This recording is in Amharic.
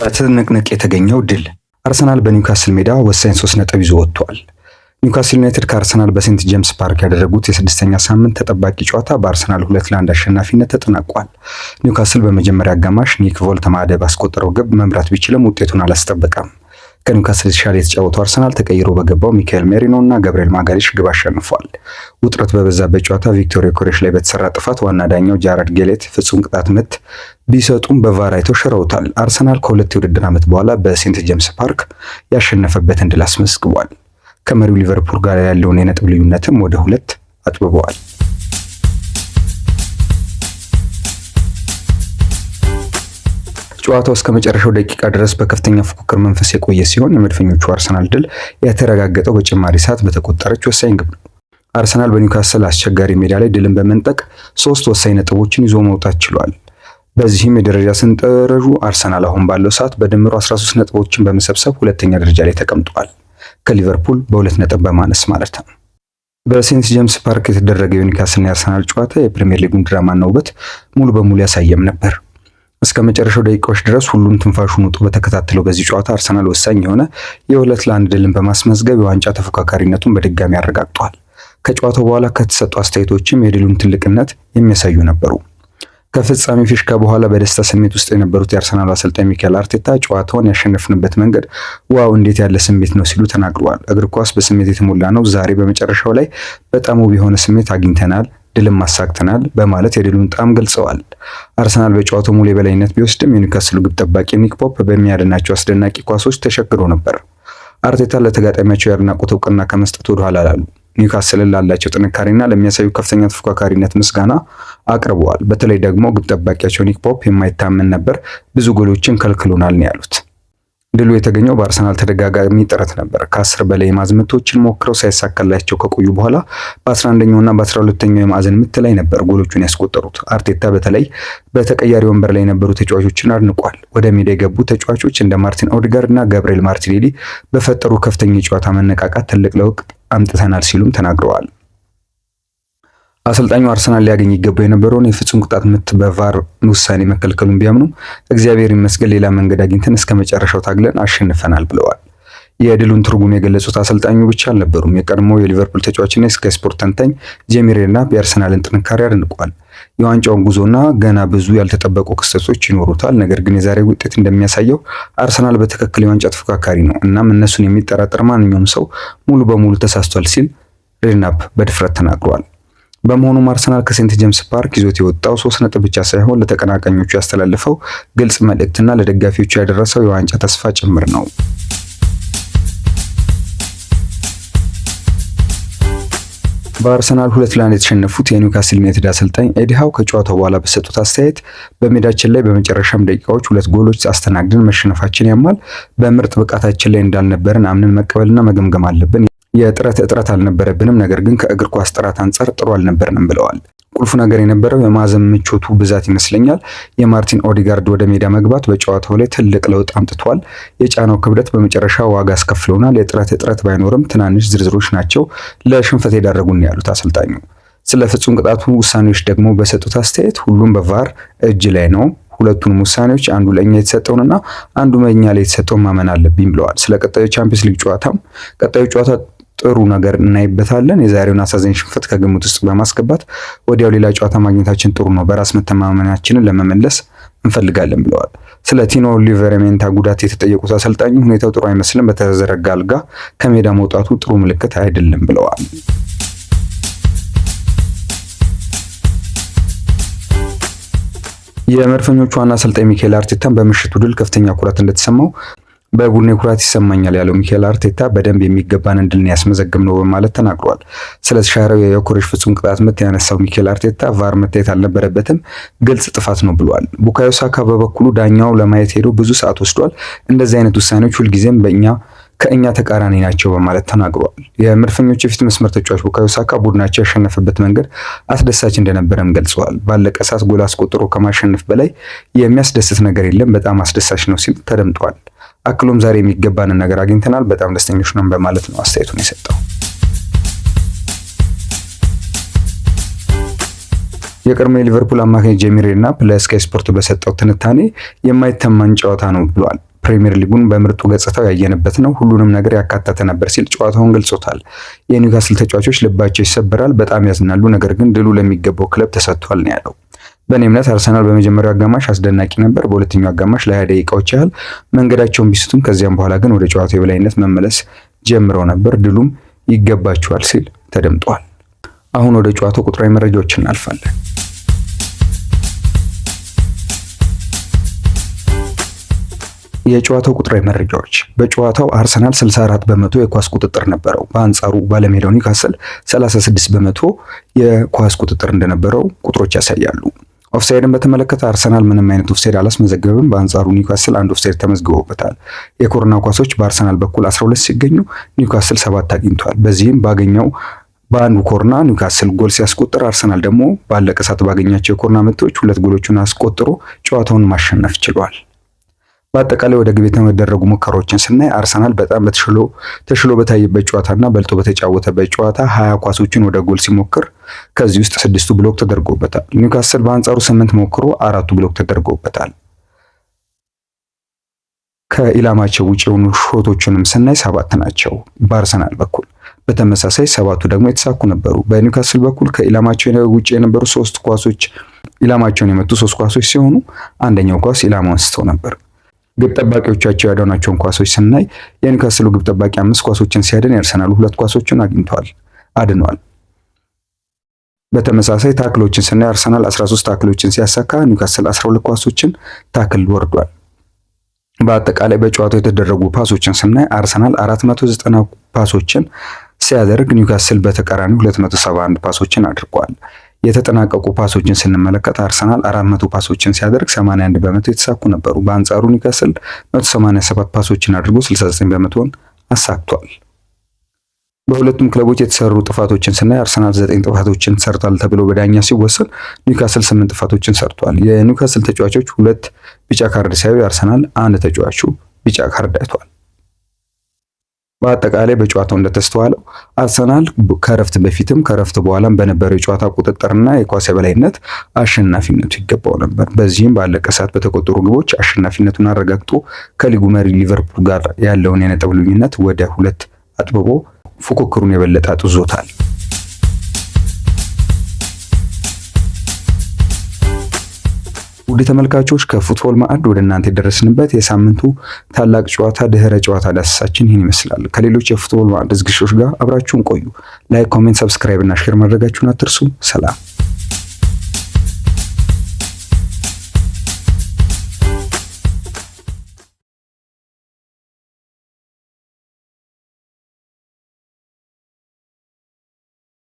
በትንቅንቅ የተገኘው ድል አርሰናል በኒውካስል ሜዳ ወሳኝ ሶስት ነጥብ ይዞ ወጥቷል። ኒውካስል ዩናይትድ ከአርሰናል በሴንት ጄምስ ፓርክ ያደረጉት የስድስተኛ ሳምንት ተጠባቂ ጨዋታ በአርሰናል ሁለት ለአንድ አሸናፊነት ተጠናቋል። ኒውካስል በመጀመሪያ አጋማሽ ኒክ ቮልተማደ ባስቆጠረው ግብ መምራት ቢችልም ውጤቱን አላስጠበቀም። ከኒውካስል የተሻለ የተጫወተው አርሰናል ተቀይሮ በገባው ሚካኤል ሜሪኖ እና ገብርኤል ማጋሊሽ ግብ አሸንፏል። ውጥረት በበዛበት ጨዋታ ቪክቶሪያ ኮሬሽ ላይ በተሰራ ጥፋት ዋና ዳኛው ጃረድ ጌሌት ፍጹም ቅጣት ምት ቢሰጡም በቫር አይተው ሽረውታል። አርሰናል ከሁለት የውድድር ዓመት በኋላ በሴንት ጄምስ ፓርክ ያሸነፈበትን ድል አስመዝግቧል። ከመሪው ሊቨርፑል ጋር ያለውን የነጥብ ልዩነትም ወደ ሁለት አጥብበዋል። ጨዋታው እስከ መጨረሻው ደቂቃ ድረስ በከፍተኛ ፉክክር መንፈስ የቆየ ሲሆን የመድፈኞቹ አርሰናል ድል የተረጋገጠው በጭማሪ ሰዓት በተቆጠረች ወሳኝ ግብ ነው። አርሰናል በኒውካስል አስቸጋሪ ሜዳ ላይ ድልን በመንጠቅ ሶስት ወሳኝ ነጥቦችን ይዞ መውጣት ችሏል። በዚህም የደረጃ ስንጠረዡ አርሰናል አሁን ባለው ሰዓት በድምሩ 13 ነጥቦችን በመሰብሰብ ሁለተኛ ደረጃ ላይ ተቀምጧል። ከሊቨርፑል በሁለት ነጥብ በማነስ ማለት ነው። በሴንት ጀምስ ፓርክ የተደረገው የኒውካስልና የአርሰናል ጨዋታ የፕሪምየር ሊጉን ድራማና ውበት ሙሉ በሙሉ ያሳየም ነበር። እስከ መጨረሻው ደቂቃዎች ድረስ ሁሉም ትንፋሹን ውጦ በተከታተለው በዚህ ጨዋታ አርሰናል ወሳኝ የሆነ የሁለት ለአንድ ድልን በማስመዝገብ የዋንጫ ተፎካካሪነቱን በድጋሚ አረጋግጧል። ከጨዋታው በኋላ ከተሰጡ አስተያየቶችም የድሉን ትልቅነት የሚያሳዩ ነበሩ። ከፍጻሜ ፊሽካ በኋላ በደስታ ስሜት ውስጥ የነበሩት የአርሰናሉ አሰልጣኝ ሚካኤል አርቴታ ጨዋታውን ያሸነፍንበት መንገድ ዋው እንዴት ያለ ስሜት ነው ሲሉ ተናግረዋል። እግር ኳስ በስሜት የተሞላ ነው። ዛሬ በመጨረሻው ላይ በጣም ውብ የሆነ ስሜት አግኝተናል ድልም አሳክተናል በማለት የድሉን ጣም ገልጸዋል። አርሰናል በጨዋታው ሙሉ የበላይነት ቢወስድም የኒውካስሉ ግብ ጠባቂ ኒክ ፖፕ በሚያድናቸው አስደናቂ ኳሶች ተሸግሮ ነበር። አርቴታ ለተጋጣሚያቸው የአድናቆት እውቅና ከመስጠት ወደ ኋላ አላሉ። ኒውካስል ላላቸው ጥንካሬና ለሚያሳዩ ከፍተኛ ተፎካካሪነት ምስጋና አቅርበዋል። በተለይ ደግሞ ግብ ጠባቂያቸው ኒክ ፖፕ የማይታመን ነበር፣ ብዙ ጎሎችን ከልክሎናል ነው ያሉት። ድሉ የተገኘው በአርሰናል ተደጋጋሚ ጥረት ነበር። ከአስር በላይ የማዕዘን ሞክረው ሳይሳካላቸው ከቆዩ በኋላ በ11ኛውና በ12ኛው የማዕዘን ምት ላይ ነበር ጎሎቹን ያስቆጠሩት። አርቴታ በተለይ በተቀያሪ ወንበር ላይ የነበሩ ተጫዋቾችን አድንቋል። ወደ ሜዳ የገቡ ተጫዋቾች እንደ ማርቲን ኦድጋር እና ገብርኤል ማርቲኔሊ በፈጠሩ ከፍተኛ የጨዋታ መነቃቃት ትልቅ ለውጥ አምጥተናል ሲሉም ተናግረዋል። አሰልጣኙ አርሰናል ሊያገኝ ይገባ የነበረውን የፍጹም ቅጣት ምት በቫር ውሳኔ መከልከሉን ቢያምኑ እግዚአብሔር ይመስገን ሌላ መንገድ አግኝተን እስከ መጨረሻው ታግለን አሸንፈናል ብለዋል። የድሉን ትርጉም የገለጹት አሰልጣኙ ብቻ አልነበሩም። የቀድሞ የሊቨርፑል ተጫዋችና የስካይ ስፖርት ተንታኝ ጄሚ ሬድናፕ የአርሰናልን ጥንካሬ አድንቋል። የዋንጫውን ጉዞና ገና ብዙ ያልተጠበቁ ክስተቶች ይኖሩታል። ነገር ግን የዛሬ ውጤት እንደሚያሳየው አርሰናል በትክክል የዋንጫ ተፎካካሪ ነው። እናም እነሱን የሚጠራጠር ማንኛውም ሰው ሙሉ በሙሉ ተሳስቷል ሲል ሬድናፕ በድፍረት ተናግሯል። በመሆኑም አርሰናል ከሴንት ጄምስ ፓርክ ይዞት የወጣው ሶስት ነጥብ ብቻ ሳይሆን ለተቀናቃኞቹ ያስተላለፈው ግልጽ መልእክትና ለደጋፊዎቹ ያደረሰው የዋንጫ ተስፋ ጭምር ነው። በአርሰናል ሁለት ለአንድ የተሸነፉት የኒውካስል ዩናይትድ አሰልጣኝ ኤድሃው ከጨዋታው በኋላ በሰጡት አስተያየት በሜዳችን ላይ በመጨረሻም ደቂቃዎች ሁለት ጎሎች አስተናግደን መሸነፋችን ያማል። በምርጥ ብቃታችን ላይ እንዳልነበርን አምነን መቀበልና መገምገም አለብን። የጥረት እጥረት አልነበረብንም፣ ነገር ግን ከእግር ኳስ ጥራት አንጻር ጥሩ አልነበርንም ብለዋል። ቁልፉ ነገር የነበረው የማዕዘን ምቾቱ ብዛት ይመስለኛል። የማርቲን ኦዲጋርድ ወደ ሜዳ መግባት በጨዋታው ላይ ትልቅ ለውጥ አምጥቷል። የጫናው ክብደት በመጨረሻ ዋጋ አስከፍለውናል። የጥረት እጥረት ባይኖርም ትናንሽ ዝርዝሮች ናቸው ለሽንፈት የዳረጉን ያሉት አሰልጣኙ። ስለ ፍጹም ቅጣቱ ውሳኔዎች ደግሞ በሰጡት አስተያየት ሁሉም በቫር እጅ ላይ ነው ሁለቱንም ውሳኔዎች አንዱ ለእኛ የተሰጠውንና አንዱ መኛ ላይ የተሰጠውን ማመን አለብኝ ብለዋል። ስለ ቀጣዩ ቻምፒየንስ ሊግ ጨዋታም ቀጣዩ ጨዋታ ጥሩ ነገር እናይበታለን። የዛሬውን አሳዛኝ ሽንፈት ከግምት ውስጥ በማስገባት ወዲያው ሌላ ጨዋታ ማግኘታችን ጥሩ ነው፣ በራስ መተማመናችንን ለመመለስ እንፈልጋለን ብለዋል። ስለ ቲኖ ሊቨርሜንታ ጉዳት የተጠየቁት አሰልጣኙ ሁኔታው ጥሩ አይመስልም፣ በተዘረጋ አልጋ ከሜዳ መውጣቱ ጥሩ ምልክት አይደለም ብለዋል። የመድፈኞቹ ዋና አሰልጣኝ ሚካኤል አርቴታን በምሽቱ ድል ከፍተኛ ኩራት እንደተሰማው በቡድኔ ኩራት ይሰማኛል ያለው ሚካኤል አርቴታ በደንብ የሚገባን እንድልን ያስመዘግብ ነው በማለት ተናግሯል። ስለተሻረው የኮሬሽ ፍጹም ቅጣት ምት ያነሳው ሚካኤል አርቴታ ቫር መታየት አልነበረበትም፣ ግልጽ ጥፋት ነው ብሏል። ቡካዮ ሳካ በበኩሉ ዳኛው ለማየት ሄዶ ብዙ ሰዓት ወስዷል። እንደዚህ አይነት ውሳኔዎች ሁልጊዜም በእኛ ከእኛ ተቃራኒ ናቸው በማለት ተናግሯል። የመድፈኞች የፊት መስመር ተጫዋች ቡካዮ ሳካ ቡድናቸው ያሸነፈበት መንገድ አስደሳች እንደነበረም ገልጸዋል። ባለቀ ሰዓት ጎል አስቆጥሮ ከማሸነፍ በላይ የሚያስደስት ነገር የለም፣ በጣም አስደሳች ነው ሲል ተደምጧል። አክሎም ዛሬ የሚገባንን ነገር አግኝተናል፣ በጣም ደስተኞች ነን በማለት ነው አስተያየቱን የሰጠው። የቀድሞ የሊቨርፑል አማካኝ ጄሚ ሬድናፕ ለስካይ ስፖርት በሰጠው ትንታኔ የማይተማን ጨዋታ ነው ብሏል። ፕሪሚየር ሊጉን በምርጡ ገጽታው ያየንበት ነው። ሁሉንም ነገር ያካተተ ነበር ሲል ጨዋታውን ገልጾታል። የኒውካስል ተጫዋቾች ልባቸው ይሰበራል፣ በጣም ያዝናሉ። ነገር ግን ድሉ ለሚገባው ክለብ ተሰጥቷል ነው ያለው። በእኔ እምነት አርሰናል በመጀመሪያው አጋማሽ አስደናቂ ነበር። በሁለተኛው አጋማሽ ለሀያ ደቂቃዎች ያህል መንገዳቸውን ቢስቱም ከዚያም በኋላ ግን ወደ ጨዋታው የበላይነት መመለስ ጀምረው ነበር። ድሉም ይገባቸዋል ሲል ተደምጧል። አሁን ወደ ጨዋታው ቁጥራዊ መረጃዎች እናልፋለን። የጨዋታው ቁጥራዊ መረጃዎች በጨዋታው አርሰናል 64 በመቶ የኳስ ቁጥጥር ነበረው። በአንጻሩ ባለሜዳው ኒውካስል 36 በመቶ የኳስ ቁጥጥር እንደነበረው ቁጥሮች ያሳያሉ። ኦፍሳይድን በተመለከተ አርሰናል ምንም አይነት ኦፍሳይድ አላስመዘገበም። በአንጻሩ ኒውካስል አንድ ኦፍሳይድ ተመዝግቦበታል። የኮርና ኳሶች በአርሰናል በኩል 12 ሲገኙ ኒውካስል ሰባት አግኝቷል። በዚህም ባገኘው በአንዱ ኮርና ኒውካስል ጎል ሲያስቆጥር፣ አርሰናል ደግሞ ባለቀ ሰዓት ባገኛቸው የኮርና ምቶች ሁለት ጎሎቹን አስቆጥሮ ጨዋታውን ማሸነፍ ችሏል። በአጠቃላይ ወደ ግብ የተደረጉ ሙከራዎችን ስናይ አርሰናል በጣም ተሽሎ በታየበት ጨዋታና በልጦ በተጫወተበት ጨዋታ ሀያ ኳሶችን ወደ ጎል ሲሞክር ከዚህ ውስጥ ስድስቱ ብሎክ ተደርጎበታል። ኒውካስል በአንጻሩ ስምንት ሞክሮ አራቱ ብሎክ ተደርጎበታል። ከኢላማቸው ውጭ የሆኑ ሾቶችንም ስናይ ሰባት ናቸው በአርሰናል በኩል። በተመሳሳይ ሰባቱ ደግሞ የተሳኩ ነበሩ። በኒውካስል በኩል ከኢላማቸው ውጭ የነበሩ ሶስት ኳሶች ኢላማቸውን የመቱ ሶስት ኳሶች ሲሆኑ አንደኛው ኳስ ኢላማውን ስተው ነበር። ግብ ጠባቂዎቻቸው ያዳኗቸውን ኳሶች ስናይ የኒውካስሉ ግብ ጠባቂ አምስት ኳሶችን ሲያድን ያርሰናሉ ሁለት ኳሶችን አግኝተዋል አድነዋል። በተመሳሳይ ታክሎችን ስናይ አርሰናል 13 ታክሎችን ሲያሳካ ኒውካስል 12 ኳሶችን ታክል ወርዷል። በአጠቃላይ በጨዋታው የተደረጉ ፓሶችን ስናይ አርሰናል 490 ፓሶችን ሲያደርግ ኒውካስል በተቃራኒ 271 ፓሶችን አድርጓል። የተጠናቀቁ ፓሶችን ስንመለከት አርሰናል 400 ፓሶችን ሲያደርግ 81 በመቶ የተሳኩ ነበሩ። በአንጻሩ ኒውካስል 187 ፓሶችን አድርጎ 69 በመቶን አሳክቷል። በሁለቱም ክለቦች የተሰሩ ጥፋቶችን ስናይ አርሰናል 9 ጥፋቶችን ሰርቷል ተብሎ በዳኛ ሲወሰን ኒውካስል 8 ጥፋቶችን ሰርቷል። የኒውካስል ተጫዋቾች ሁለት ቢጫ ካርድ ሲያዩ አርሰናል አንድ ተጫዋቹ ቢጫ ካርድ አይቷል። በአጠቃላይ በጨዋታው እንደተስተዋለው አርሰናል ከረፍት በፊትም ከረፍት በኋላም በነበረው የጨዋታ ቁጥጥርና የኳስ የበላይነት አሸናፊነቱ ይገባው ነበር። በዚህም ባለቀ ሰዓት በተቆጠሩ ግቦች አሸናፊነቱን አረጋግጦ ከሊጉ መሪ ሊቨርፑል ጋር ያለውን የነጥብ ልዩነት ወደ ሁለት አጥብቦ ፉክክሩን የበለጠ አጥዞታል። ውድ ተመልካቾች ከፉትቦል ማዕድ ወደ እናንተ የደረስንበት የሳምንቱ ታላቅ ጨዋታ ድህረ ጨዋታ ዳሰሳችን ይህን ይመስላል። ከሌሎች የፉትቦል ማዕድ ዝግሾች ጋር አብራችሁን ቆዩ። ላይክ፣ ኮሜንት፣ ሰብስክራይብ እና ሼር ማድረጋችሁን አትርሱ። ሰላም